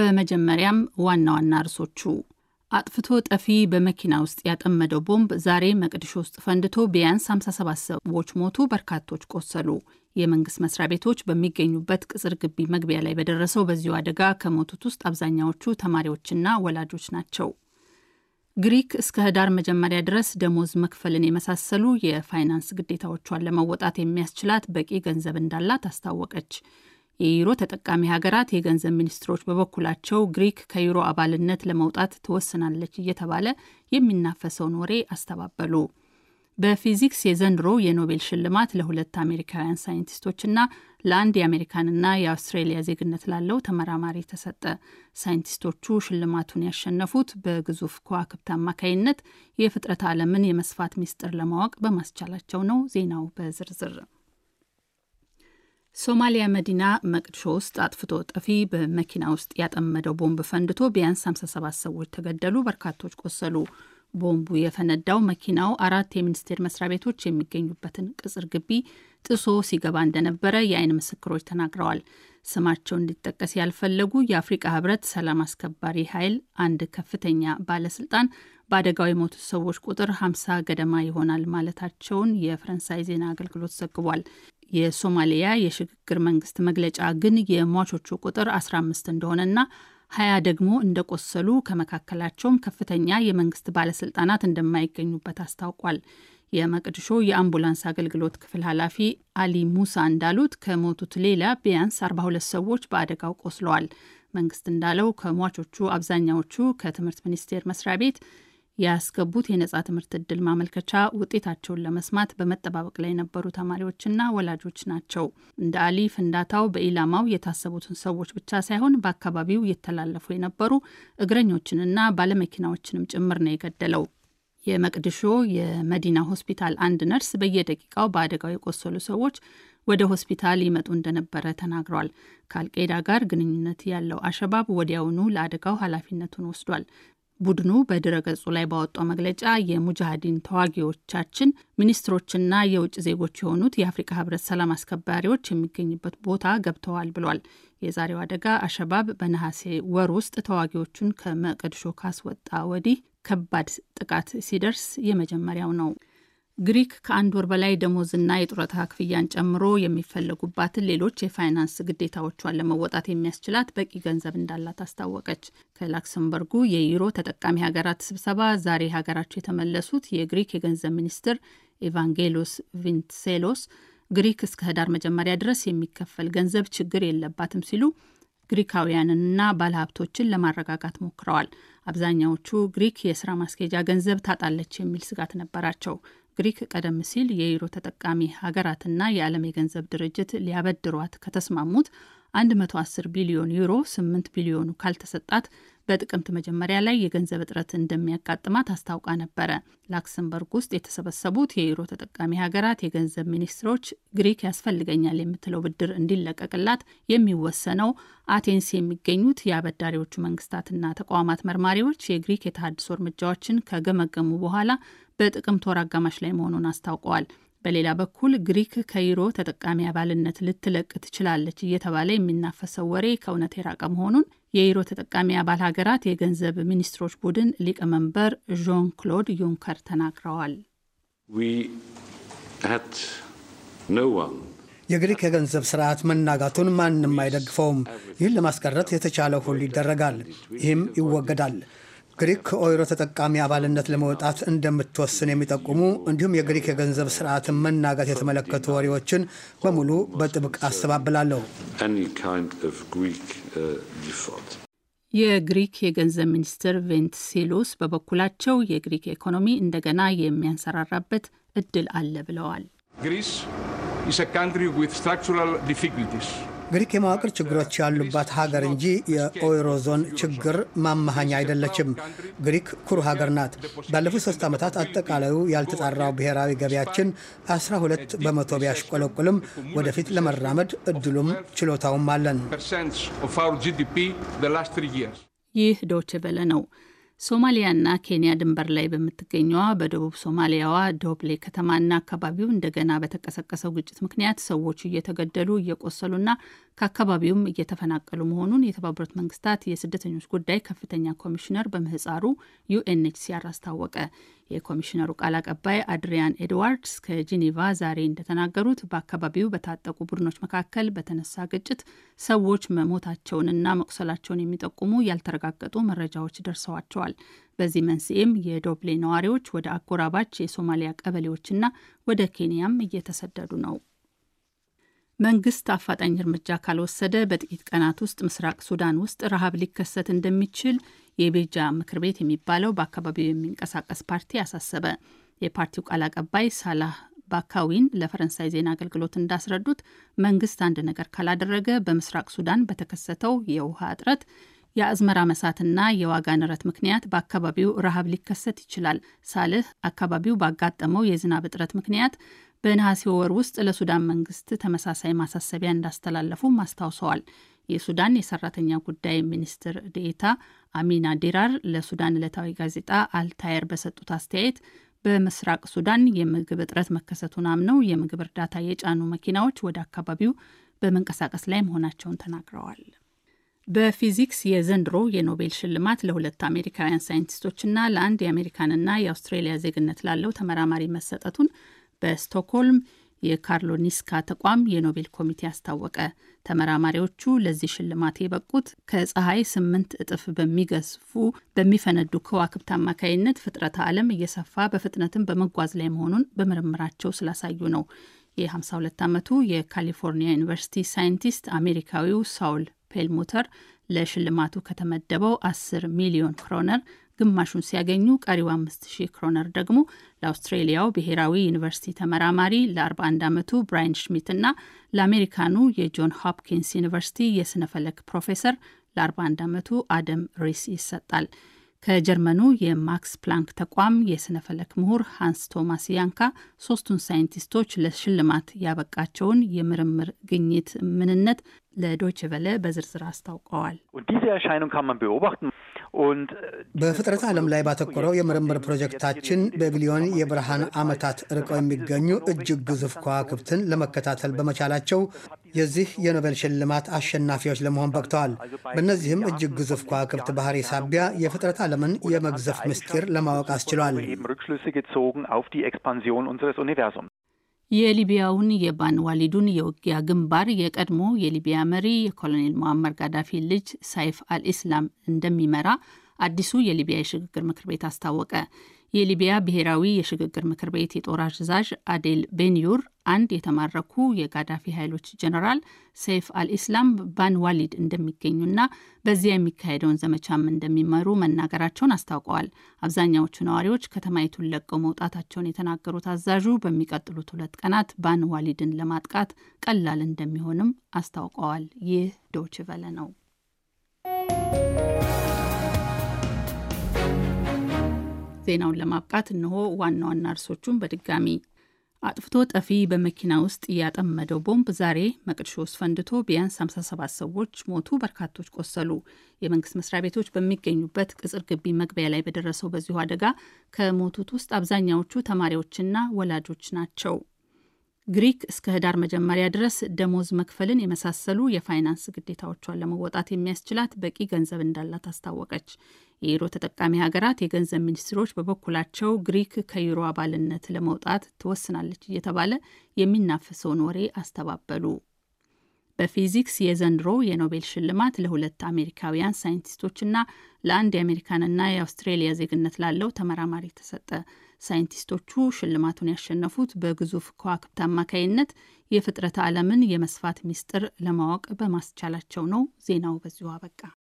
በመጀመሪያም ዋና ዋና ርሶቹ አጥፍቶ ጠፊ በመኪና ውስጥ ያጠመደው ቦምብ ዛሬ መቅድሾ ውስጥ ፈንድቶ ቢያንስ 57 ሰዎች ሞቱ፣ በርካቶች ቆሰሉ። የመንግስት መስሪያ ቤቶች በሚገኙበት ቅጽር ግቢ መግቢያ ላይ በደረሰው በዚሁ አደጋ ከሞቱት ውስጥ አብዛኛዎቹ ተማሪዎችና ወላጆች ናቸው። ግሪክ እስከ ህዳር መጀመሪያ ድረስ ደሞዝ መክፈልን የመሳሰሉ የፋይናንስ ግዴታዎቿን ለመወጣት የሚያስችላት በቂ ገንዘብ እንዳላት አስታወቀች። የዩሮ ተጠቃሚ ሀገራት የገንዘብ ሚኒስትሮች በበኩላቸው ግሪክ ከዩሮ አባልነት ለመውጣት ትወስናለች እየተባለ የሚናፈሰውን ወሬ አስተባበሉ። በፊዚክስ የዘንድሮ የኖቤል ሽልማት ለሁለት አሜሪካውያን ሳይንቲስቶችና ለአንድ የአሜሪካንና የአውስትሬሊያ ዜግነት ላለው ተመራማሪ ተሰጠ። ሳይንቲስቶቹ ሽልማቱን ያሸነፉት በግዙፍ ከዋክብት አማካይነት የፍጥረት ዓለምን የመስፋት ሚስጥር ለማወቅ በማስቻላቸው ነው። ዜናው በዝርዝር ሶማሊያ መዲና መቅድሾ ውስጥ አጥፍቶ ጠፊ በመኪና ውስጥ ያጠመደው ቦምብ ፈንድቶ ቢያንስ 57 ሰዎች ተገደሉ፣ በርካቶች ቆሰሉ። ቦምቡ የፈነዳው መኪናው አራት የሚኒስቴር መስሪያ ቤቶች የሚገኙበትን ቅጽር ግቢ ጥሶ ሲገባ እንደነበረ የአይን ምስክሮች ተናግረዋል። ስማቸው እንዲጠቀስ ያልፈለጉ የአፍሪቃ ህብረት ሰላም አስከባሪ ኃይል አንድ ከፍተኛ ባለስልጣን በአደጋው የሞቱ ሰዎች ቁጥር 50 ገደማ ይሆናል ማለታቸውን የፈረንሳይ ዜና አገልግሎት ዘግቧል። የሶማሊያ የሽግግር መንግስት መግለጫ ግን የሟቾቹ ቁጥር 15 እንደሆነና ሀያ ደግሞ እንደቆሰሉ ከመካከላቸውም ከፍተኛ የመንግስት ባለስልጣናት እንደማይገኙበት አስታውቋል። የመቅድሾ የአምቡላንስ አገልግሎት ክፍል ኃላፊ አሊ ሙሳ እንዳሉት ከሞቱት ሌላ ቢያንስ 42 ሰዎች በአደጋው ቆስለዋል። መንግስት እንዳለው ከሟቾቹ አብዛኛዎቹ ከትምህርት ሚኒስቴር መስሪያ ቤት ያስገቡት የነጻ ትምህርት እድል ማመልከቻ ውጤታቸውን ለመስማት በመጠባበቅ ላይ የነበሩ ተማሪዎችና ወላጆች ናቸው። እንደ አሊ ፍንዳታው በኢላማው የታሰቡትን ሰዎች ብቻ ሳይሆን በአካባቢው የተላለፉ የነበሩ እግረኞችንና ባለመኪናዎችንም ጭምር ነው የገደለው። የመቅድሾ የመዲና ሆስፒታል አንድ ነርስ በየደቂቃው በአደጋው የቆሰሉ ሰዎች ወደ ሆስፒታል ይመጡ እንደነበረ ተናግሯል። ከአልቃይዳ ጋር ግንኙነት ያለው አሸባብ ወዲያውኑ ለአደጋው ኃላፊነቱን ወስዷል። ቡድኑ በድረገጹ ላይ ባወጣው መግለጫ የሙጃሃዲን ተዋጊዎቻችን ሚኒስትሮችና የውጭ ዜጎች የሆኑት የአፍሪካ ህብረት ሰላም አስከባሪዎች የሚገኝበት ቦታ ገብተዋል ብሏል። የዛሬው አደጋ አሸባብ በነሐሴ ወር ውስጥ ተዋጊዎቹን ከመቀድሾ ካስወጣ ወዲህ ከባድ ጥቃት ሲደርስ የመጀመሪያው ነው። ግሪክ ከአንድ ወር በላይ ደሞዝና የጡረታ ክፍያን ጨምሮ የሚፈለጉባትን ሌሎች የፋይናንስ ግዴታዎቿን ለመወጣት የሚያስችላት በቂ ገንዘብ እንዳላት አስታወቀች። ከላክሰምበርጉ የዩሮ ተጠቃሚ ሀገራት ስብሰባ ዛሬ ሀገራቸው የተመለሱት የግሪክ የገንዘብ ሚኒስትር ኤቫንጌሎስ ቪንትሴሎስ ግሪክ እስከ ህዳር መጀመሪያ ድረስ የሚከፈል ገንዘብ ችግር የለባትም ሲሉ ግሪካውያንንና ባለሀብቶችን ለማረጋጋት ሞክረዋል። አብዛኛዎቹ ግሪክ የስራ ማስኬጃ ገንዘብ ታጣለች የሚል ስጋት ነበራቸው። ግሪክ ቀደም ሲል የዩሮ ተጠቃሚ ሀገራትና የዓለም የገንዘብ ድርጅት ሊያበድሯት ከተስማሙት 110 ቢሊዮን ዩሮ 8 ቢሊዮኑ ካልተሰጣት በጥቅምት መጀመሪያ ላይ የገንዘብ እጥረት እንደሚያጋጥማት አስታውቃ ነበረ። ላክሰምበርግ ውስጥ የተሰበሰቡት የዩሮ ተጠቃሚ ሀገራት የገንዘብ ሚኒስትሮች ግሪክ ያስፈልገኛል የምትለው ብድር እንዲለቀቅላት የሚወሰነው አቴንስ የሚገኙት የአበዳሪዎቹ መንግስታትና ተቋማት መርማሪዎች የግሪክ የተሃድሶ እርምጃዎችን ከገመገሙ በኋላ በጥቅምት ወር አጋማሽ ላይ መሆኑን አስታውቀዋል። በሌላ በኩል ግሪክ ከዩሮ ተጠቃሚ አባልነት ልትለቅ ትችላለች እየተባለ የሚናፈሰው ወሬ ከእውነት የራቀ መሆኑን የዩሮ ተጠቃሚ አባል ሀገራት የገንዘብ ሚኒስትሮች ቡድን ሊቀመንበር ዦን ክሎድ ዩንከር ተናግረዋል። የግሪክ የገንዘብ ስርዓት መናጋቱን ማንም አይደግፈውም። ይህን ለማስቀረት የተቻለ ሁሉ ይደረጋል። ይህም ይወገዳል። ግሪክ ከኦይሮ ተጠቃሚ አባልነት ለመውጣት እንደምትወስን የሚጠቁሙ እንዲሁም የግሪክ የገንዘብ ስርዓትን መናጋት የተመለከቱ ወሬዎችን በሙሉ በጥብቅ አስተባብላለሁ። uh, የግሪክ የገንዘብ ሚኒስትር ቬንትሴሎስ በበኩላቸው የግሪክ ኢኮኖሚ እንደገና የሚያንሰራራበት እድል አለ ብለዋል። ግሪስ ኢዝ አ ካንትሪ ዊዝ ግሪክ የመዋቅር ችግሮች ያሉባት ሀገር እንጂ የኦይሮ ዞን ችግር ማማሃኛ አይደለችም። ግሪክ ኩሩ ሀገር ናት። ባለፉት ሶስት ዓመታት አጠቃላዩ ያልተጣራው ብሔራዊ ገቢያችን 12 በመቶ ቢያሽቆለቁልም ወደፊት ለመራመድ እድሉም ችሎታውም አለን። ይህ ዶችቨለ ነው። ሶማሊያና ኬንያ ድንበር ላይ በምትገኘዋ በደቡብ ሶማሊያዋ ዶብሌ ከተማና አካባቢው እንደገና በተቀሰቀሰው ግጭት ምክንያት ሰዎቹ እየተገደሉ እየቆሰሉና ከአካባቢውም እየተፈናቀሉ መሆኑን የተባበሩት መንግስታት የስደተኞች ጉዳይ ከፍተኛ ኮሚሽነር በምህፃሩ ዩኤንኤችሲአር አስታወቀ። የኮሚሽነሩ ቃል አቀባይ አድሪያን ኤድዋርድስ ከጂኔቫ ዛሬ እንደተናገሩት በአካባቢው በታጠቁ ቡድኖች መካከል በተነሳ ግጭት ሰዎች መሞታቸውንና መቁሰላቸውን የሚጠቁሙ ያልተረጋገጡ መረጃዎች ደርሰዋቸዋል። በዚህ መንስኤም የዶብሌ ነዋሪዎች ወደ አጎራባች የሶማሊያ ቀበሌዎችና ወደ ኬንያም እየተሰደዱ ነው። መንግስት አፋጣኝ እርምጃ ካልወሰደ በጥቂት ቀናት ውስጥ ምስራቅ ሱዳን ውስጥ ረሃብ ሊከሰት እንደሚችል የቤጃ ምክር ቤት የሚባለው በአካባቢው የሚንቀሳቀስ ፓርቲ አሳሰበ። የፓርቲው ቃል አቀባይ ሳላህ ባካዊን ለፈረንሳይ ዜና አገልግሎት እንዳስረዱት መንግስት አንድ ነገር ካላደረገ በምስራቅ ሱዳን በተከሰተው የውሃ እጥረት የአዝመራ መሳትና የዋጋ ንረት ምክንያት በአካባቢው ረሃብ ሊከሰት ይችላል። ሳልህ አካባቢው ባጋጠመው የዝናብ እጥረት ምክንያት በነሐሴ ወር ውስጥ ለሱዳን መንግስት ተመሳሳይ ማሳሰቢያ እንዳስተላለፉም አስታውሰዋል። የሱዳን የሰራተኛ ጉዳይ ሚኒስትር ዴኤታ አሚና ዲራር ለሱዳን ዕለታዊ ጋዜጣ አልታየር በሰጡት አስተያየት በምስራቅ ሱዳን የምግብ እጥረት መከሰቱን አምነው የምግብ እርዳታ የጫኑ መኪናዎች ወደ አካባቢው በመንቀሳቀስ ላይ መሆናቸውን ተናግረዋል። በፊዚክስ የዘንድሮ የኖቤል ሽልማት ለሁለት አሜሪካውያን ሳይንቲስቶችና ለአንድ የአሜሪካንና የአውስትሬሊያ ዜግነት ላለው ተመራማሪ መሰጠቱን በስቶክሆልም የካርሎኒስካ ተቋም የኖቤል ኮሚቴ አስታወቀ። ተመራማሪዎቹ ለዚህ ሽልማት የበቁት ከፀሐይ ስምንት እጥፍ በሚገዝፉ በሚፈነዱ ከዋክብት አማካይነት ፍጥረተ ዓለም እየሰፋ በፍጥነትም በመጓዝ ላይ መሆኑን በምርምራቸው ስላሳዩ ነው። የ52 ዓመቱ የካሊፎርኒያ ዩኒቨርሲቲ ሳይንቲስት አሜሪካዊው ሳውል ፔልሞተር ለሽልማቱ ከተመደበው 10 ሚሊዮን ክሮነር ግማሹን ሲያገኙ ቀሪው 5000 ክሮነር ደግሞ ለአውስትሬሊያው ብሔራዊ ዩኒቨርሲቲ ተመራማሪ ለ41 ዓመቱ ብራይን ሽሚት እና ለአሜሪካኑ የጆን ሆፕኪንስ ዩኒቨርሲቲ የስነ ፈለክ ፕሮፌሰር ለ41 ዓመቱ አደም ሪስ ይሰጣል። ከጀርመኑ የማክስ ፕላንክ ተቋም የስነፈለክ ምሁር ሃንስ ቶማስ ያንካ ሶስቱን ሳይንቲስቶች ለሽልማት ያበቃቸውን የምርምር ግኝት ምንነት ለዶችቨለ በዝርዝር አስታውቀዋል። Äh, በፍጥረት ዓለም ላይ ባተኮረው የምርምር ፕሮጀክታችን በቢሊዮን የብርሃን ዓመታት ርቀው የሚገኙ እጅግ ግዙፍ ከዋክብትን ለመከታተል በመቻላቸው የዚህ የኖቤል ሽልማት አሸናፊዎች ለመሆን በቅተዋል። በእነዚህም እጅግ ግዙፍ ከዋክብት ባህሪ ሳቢያ የፍጥረት ዓለምን የመግዘፍ ምስጢር ለማወቅ አስችሏል። የሊቢያውን የባን ዋሊዱን የውጊያ ግንባር የቀድሞ የሊቢያ መሪ የኮሎኔል ሙአመር ጋዳፊ ልጅ ሳይፍ አልኢስላም እንደሚመራ አዲሱ የሊቢያ የሽግግር ምክር ቤት አስታወቀ። የሊቢያ ብሔራዊ የሽግግር ምክር ቤት የጦር አዛዥ አዴል ቤንዩር አንድ የተማረኩ የጋዳፊ ኃይሎች ጀነራል ሰይፍ አልኢስላም ባንዋሊድ እንደሚገኙና በዚያ የሚካሄደውን ዘመቻም እንደሚመሩ መናገራቸውን አስታውቀዋል። አብዛኛዎቹ ነዋሪዎች ከተማይቱን ለቀው መውጣታቸውን የተናገሩት አዛዡ በሚቀጥሉት ሁለት ቀናት ባንዋሊድን ለማጥቃት ቀላል እንደሚሆንም አስታውቀዋል። ይህ ዶችቨለ ነው። ዜናውን ለማብቃት እንሆ ዋና ዋና እርሶቹን በድጋሚ አጥፍቶ ጠፊ በመኪና ውስጥ ያጠመደው ቦምብ ዛሬ መቅድሾ ውስጥ ፈንድቶ ቢያንስ 57 ሰዎች ሞቱ፣ በርካቶች ቆሰሉ። የመንግስት መስሪያ ቤቶች በሚገኙበት ቅጽር ግቢ መግቢያ ላይ በደረሰው በዚሁ አደጋ ከሞቱት ውስጥ አብዛኛዎቹ ተማሪዎችና ወላጆች ናቸው። ግሪክ እስከ ህዳር መጀመሪያ ድረስ ደሞዝ መክፈልን የመሳሰሉ የፋይናንስ ግዴታዎቿን ለመወጣት የሚያስችላት በቂ ገንዘብ እንዳላት አስታወቀች። የዩሮ ተጠቃሚ ሀገራት የገንዘብ ሚኒስትሮች በበኩላቸው ግሪክ ከዩሮ አባልነት ለመውጣት ትወስናለች እየተባለ የሚናፈሰውን ወሬ አስተባበሉ። በፊዚክስ የዘንድሮ የኖቤል ሽልማት ለሁለት አሜሪካውያን ሳይንቲስቶችና ለአንድ የአሜሪካንና የአውስትሬሊያ ዜግነት ላለው ተመራማሪ ተሰጠ። ሳይንቲስቶቹ ሽልማቱን ያሸነፉት በግዙፍ ከዋክብት አማካይነት የፍጥረት ዓለምን የመስፋት ሚስጥር ለማወቅ በማስቻላቸው ነው። ዜናው በዚሁ አበቃ።